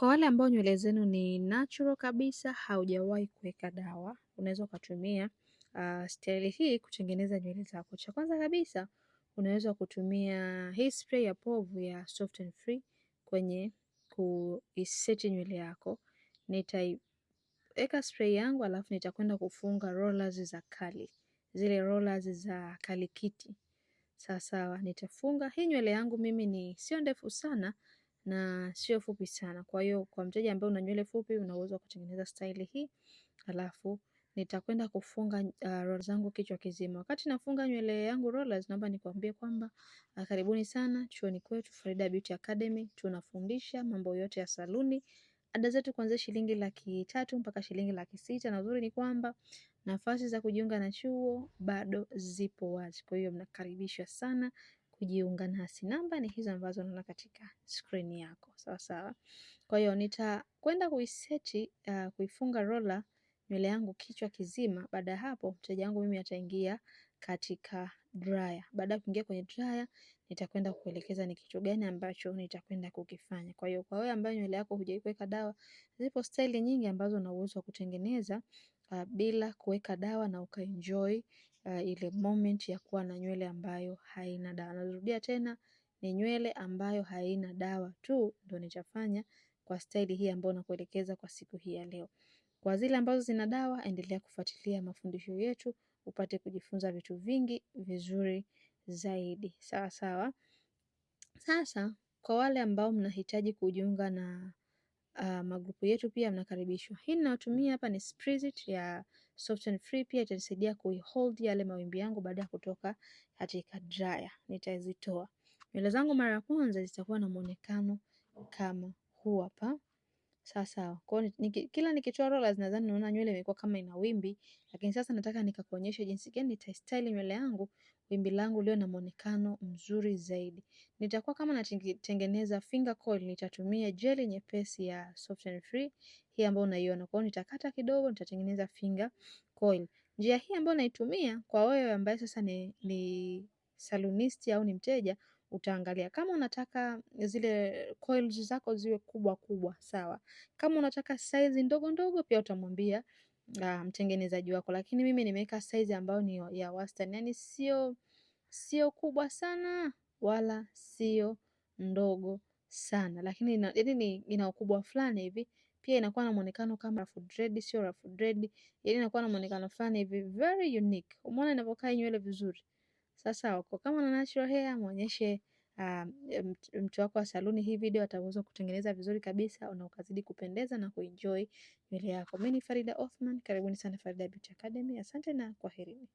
Kwa wale ambao nywele zenu ni natural kabisa, haujawahi kuweka dawa, unaweza ukatumia uh, ah, staili hii kutengeneza nywele zako. Cha kwanza kabisa, unaweza kutumia hii spray ya povu ya Soft and Free kwenye kuiseti nywele yako. Nitaiweka spray yangu, alafu nitakwenda kufunga rollers za kali, zile rollers za kalikiti. Sawa sawa, nitafunga hii nywele yangu mimi ni sio ndefu sana, na sio fupi sana. Kwa hiyo kwa mteja ambaye una nywele fupi, una uwezo wa kutengeneza staili hii. Alafu nitakwenda kufunga uh, rollers zangu kichwa kizima. Wakati nafunga nywele yangu rollers, naomba nikwambie kwamba uh, karibuni sana chuoni kwetu Farida Beauty Academy. Tunafundisha mambo yote ya saluni. Ada zetu kuanzia shilingi laki tatu mpaka shilingi laki sita na uzuri ni kwamba nafasi za kujiunga na chuo bado zipo wazi. Kwa hiyo mnakaribishwa sana kujiunga nasi. Namba ni hizo ambazo unaona katika skrini yako, sawa sawa. Kwa hiyo nitakwenda kuiseti uh, kuifunga rola nywele yangu kichwa kizima. Baada ya hapo, mteja wangu mimi ataingia katika dryer. Baada ya kuingia kwenye dryer, nitakwenda kuelekeza ni kitu gani ambacho nitakwenda kukifanya. Kwa hiyo kwa wewe ambaye nywele yako hujaiweka dawa, zipo staili nyingi ambazo una uwezo wa kutengeneza uh, bila kuweka dawa na ukaenjoy uh, ile moment ya kuwa na nywele ambayo haina dawa. Narudia tena, ni nywele ambayo haina dawa tu ndio nitafanya kwa staili hii ambayo nakuelekeza kwa siku hii ya leo. Kwa zile ambazo zina dawa, endelea kufuatilia mafundisho yetu upate kujifunza vitu vingi vizuri zaidi. Sawa sawa. Sasa kwa wale ambao mnahitaji kujiunga na uh, magrupu yetu pia mnakaribishwa. Hii ninayotumia hapa ni Spreadsheet ya Soft and free pia itanisaidia kuihold yale mawimbi yangu baada ya kutoka katika dryer. Nitazitoa nywele zangu mara ya kwanza zitakuwa na muonekano kama huu hapa. Sawasawa. Kwa hiyo niki kila nikitoa rollers nadhani naona nywele imekuwa kama ina wimbi, lakini sasa nataka nikakuonyesha jinsi gani nitastyle nywele yangu, wimbi langu lio na muonekano mzuri zaidi. Nitakuwa kama natengeneza finger coil nitatumia gel nyepesi ya soft and free hii ambayo unaiona. Kwa hiyo nitakata kidogo nitatengeneza finger coil. Njia hii ambayo naitumia kwa wewe ambaye sasa ni ni salonisti au ni mteja utaangalia kama unataka zile coils zako ziwe kubwa kubwa, sawa. Kama unataka size ndogo ndogo, pia utamwambia ah, mtengenezaji wako. Lakini mimi nimeweka size ambayo ni ya wastani, yani sio sio kubwa sana wala sio ndogo sana, lakini ina, yani ina ukubwa fulani hivi pia inakuwa na muonekano kama rough dread, sio rough dread, yani inakuwa na muonekano fulani hivi very unique. Umeona inavyokaa nywele vizuri. Sasa wako kama una natural hair muonyeshe um, ah, mtu wako wa saluni hii video ataweza kutengeneza vizuri kabisa na ukazidi kupendeza na kuenjoy nywele yako. Mimi ni Farida Othman, karibuni sana Farida Beauty Academy. Asante na kwaherini.